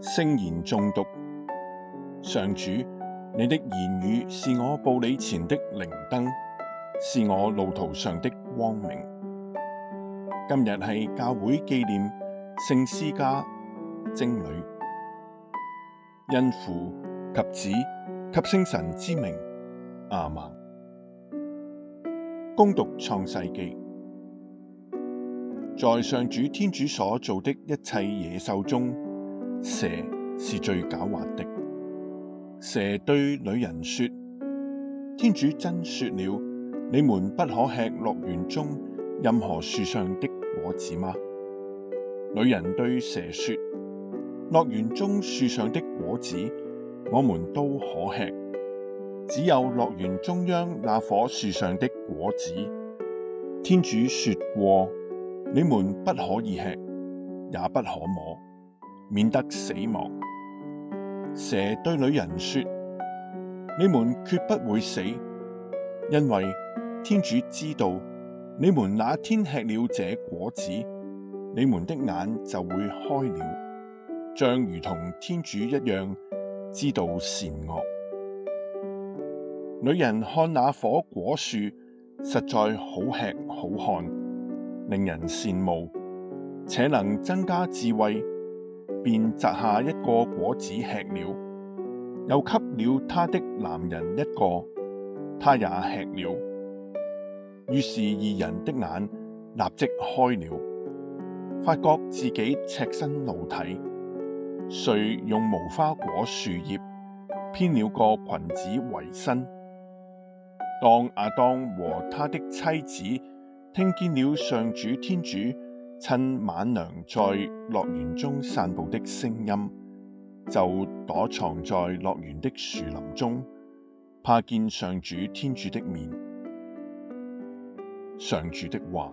聖言誦讀。上主，你的言語是我步履前的靈燈，是我路途上的光明。今日係教會紀念聖思嘉貞女。因父及子及聖神之名，阿們。恭讀創世紀，在上主天主所造的一切野獸中，蛇是最狡猾的。蛇對女人說：天主真說了，你們不可吃樂園中任何樹上的果子嗎？女人對蛇說。樂園中樹上的果子，我們都可吃。只有樂園中央那棵樹上的果子，天主說過，你們不可以吃，也不可摸，免得死亡。蛇對女人說：你們決不會死，因為天主知道，你們那天吃了這果子，你們的眼就會開了。像將如同天主一樣知道善惡。女人看那棵果樹實在好吃好看，令人羨慕，且能增加智慧，便摘下一個果子吃了，又給了她的男人一個，他也吃了。於是二人的眼立即開了，發覺自己赤身露體。遂用無花果樹葉，編了個裙子圍身。當亞當和他的妻子聽見了上主天主趁晚涼在樂園中散步的聲音，就躲藏在樂園的樹林中，怕見上主天主的面。上主的話。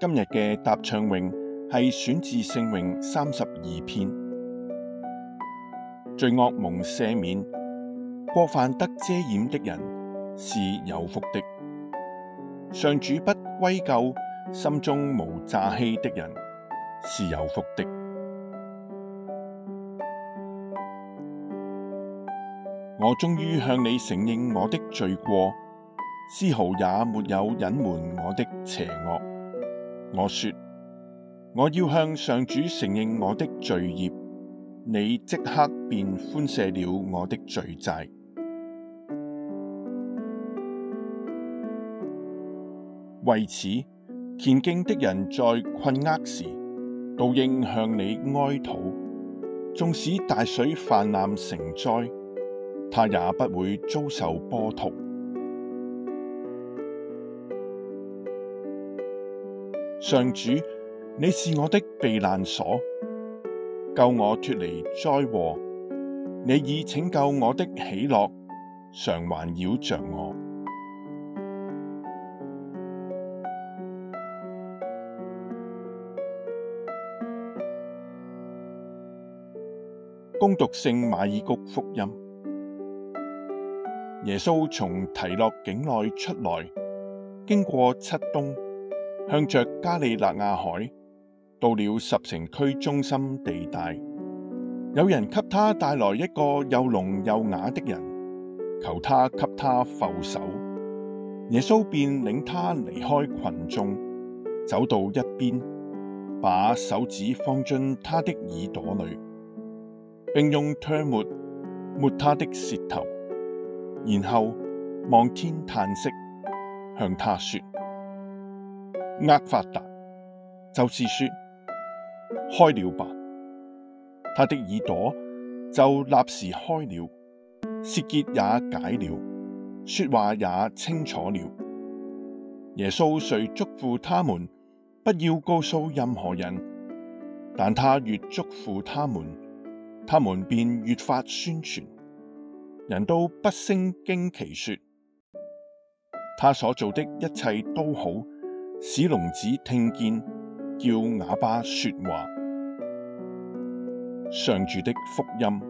今日嘅答唱詠，係選自聖詠三十二篇，罪惡蒙赦免，過犯得遮掩的人，是有福的；上主不歸咎，心中無詐欺的人，是有福的。我終於向你承認我的罪過，絲毫也沒有隱瞞我的邪惡。我說，我要向上主承認我的罪孽，你即刻便寬赦了我的罪債。為此，虔敬的人在困厄時，都應向你哀禱，縱使大水氾濫成災，他也不會遭受波濤。上主，你是我的避難所，救我脫離災禍。你以拯救我的喜樂，常環繞着我。恭讀聖馬爾谷福音，耶穌從提洛境內出來，經過漆冬。向着加里肋亞海，到了十城區中心地帶，有人給他帶來一個又聾又啞的人，求他給他覆手。耶穌便領他離開群眾，走到一邊，把手指放進他的耳朵裏，並用唾沫抹他的舌頭，然後望天嘆息，向他說。厄法達，就是說開了吧，他的耳朵就立時開了，舌結也解了，說話也清楚了。耶穌遂囑咐他們不要告訴任何人，但他越囑咐他們，他們便越發宣傳，人都不勝驚奇說，他所做的一切都好。使聾子聽見，叫啞巴說話，上主的福音。